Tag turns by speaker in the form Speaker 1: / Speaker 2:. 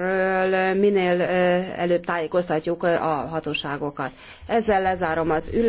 Speaker 1: erről minél előbb tájékoztatjuk a hatóságokat. Ezzel lezárom az ülést.